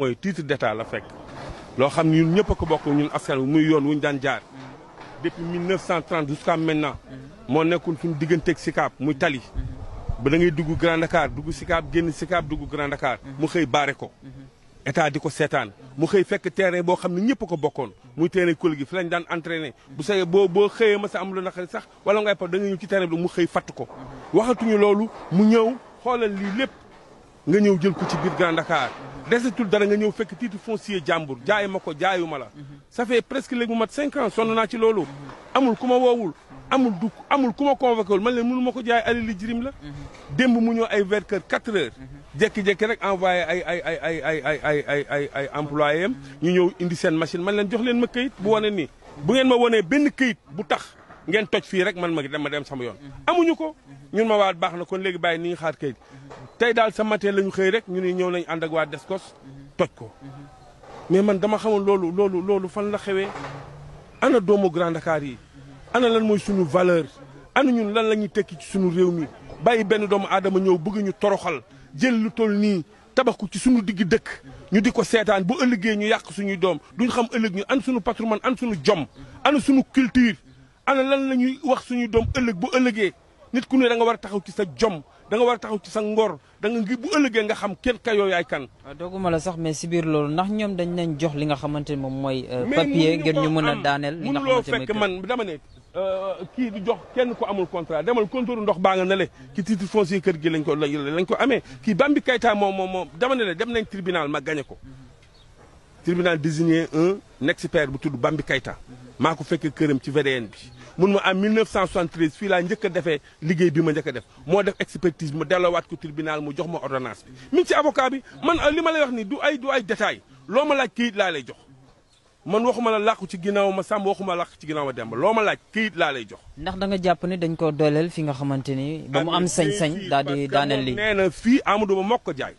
mooy titre d'état la fekk loo xam ni ñun ñëpp a ko bokk ñun askan wi muy yoon wu ñu daan jaar depuis 1930 jusqu'à maintenant moo nekkoon suñu digganteeg Sicap muy tali ba da dugg Grand Dakar dugg Sicap génn Sicap dugg Grand Dakar mu xëy baare ko état di ko seetaan mu xëy fekk terrain boo xam ne ñëpp ko bokkoon muy terrain kul gi fi lañ daan entraîné bu sa boo boo xëyee ma sa am naqari sax wala ngay par da nga ñëw ci terrain bi mu xëy fatt ko nga ñëw jël ko ci biir Grand Dakar desetul dara nga ñëw fekk titre foncier jàmbur jaay ma ko jaayu ma la. ça fait presque léegi mu mat cinq ans sonn naa ci loolu. amul ku ma woowul. amul du amul ku ma convoqué man leen mënu ma ko jaay alali jirim la. démb mu ñëw ay vers kër quatre heures. jékki rek envoyé ay ay ay ay ay ay ay ay ay ay employé ñu ñëw indi seen machine man leen jox leen ma këyit bu wane nii. bu ngeen ma wanee benn kayit bu tax. ngeen toj fii rek man ma dama dem sama yoon amuñu ko ñun ma waat baax na kon léegi bàyyi ni ñu xaar kayit tey daal sa matin la ñu xëy rek ñu ne ñëw nañ ànd ak waa Descos toj ko mais man dama xamoon loolu loolu loolu fan la xewee ana doomu Grand Dakar yi ana lan mooy suñu valeur ana ñun lan la ñuy tekki ci suñu réew mi bàyyi benn doomu aadama ñëw bëgg ñu toroxal jël lu toll nii tabax ci suñu digg dëkk ñu di ko seetaan bu ëllëgee ñu yàq suñuy doom duñ xam ëllëg ñu an suñu patrimoine an suñu jom an suñu culture ana lan la ñuy wax suñu doom ëllëg bu ëllëgee nit ku ne da nga war a taxaw ci sa jom danga nga war a taxaw ci sa ngor da nga ngi bu ëllëgee nga xam kenn kayoo yaay kan. Ah, dooguma a sax mais si biir loolu ndax ñoom dañ leen jox li nga xamante ne moom mooy. Euh, papier ngeen ñu mën a daaneel li nga xamante fekk man dama ne. Euh, kii di jox kenn ku amul contrat demal kontóoru ndox baa nga na le ki titre foncier kër gi lañ ko lañ ko amee kii Bambi Kayta moom moom moom dama ne le dem nañ tribunal ma gagné ko tribunal désigné un bu tudd Bambi Kayta maa ko fekkee këram ci VDN bi mun ma am 1973 fii laa njëkk a defee liggéey bi ma njëkk def moo def expertise mu delloowaat ko tribunal mu jox ma ordonnance bi. mi ngi ci avocat bi man ah, li ma lay wax ni du ay du ay détail loo ma laaj këyit laa lay jox man waxuma la làqu ci ginnaaw ma sàmm waxuma làqu ci ginnaaw ma demba loo ma laaj këyit laa lay jox. ndax danga jàpp ne dañ ko dooleel fi nga xamante ni. ba mu am ah, sañ-sañ daal di daaneel lii nee na fii Amadou Ba moo ko jaay.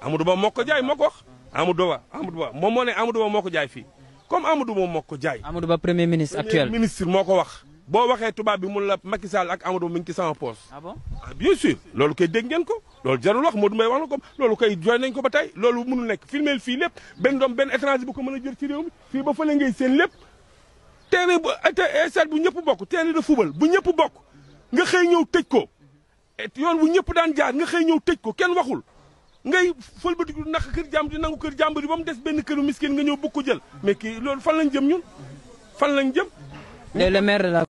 Amadou Ba moo ko jaay moo ko wax Amadou Ba Amadou moom moo ne moo ko jaay fii comme Amadou moom moo ko jaay. Amadou Ba premier ministre actuel premier ministre moo ko wax. boo waxee tubaab bi mun la Macky Sall ak Amadou mi ngi ci sama poos. ah bon ah, bien sûr loolu koy dégg ngeen ko loolu jarul wax Modou Mbaye wax na ko loolu koy jooy nañ ko ba tey loolu nu nekk filmeel fii lépp benn doom benn étranger bu ko mën a jël ci réew mi fii ba fële ngay seen lépp. terrain bu stade bu ñëpp bokk terrain de football bu ñëpp bokk nga xëy ñëw tëj ko yoon bu ñëpp daan jaar nga xëy ñëw tëj ko kenn waxul. ngay fëlbatiku nak kër jàmbur di nangu kër jàmbur yi ba des benn këru miskin nga ñëw bëgg ko jël mais kii loolu fan lañ jëm ñun fan lañ jëm. le maire de la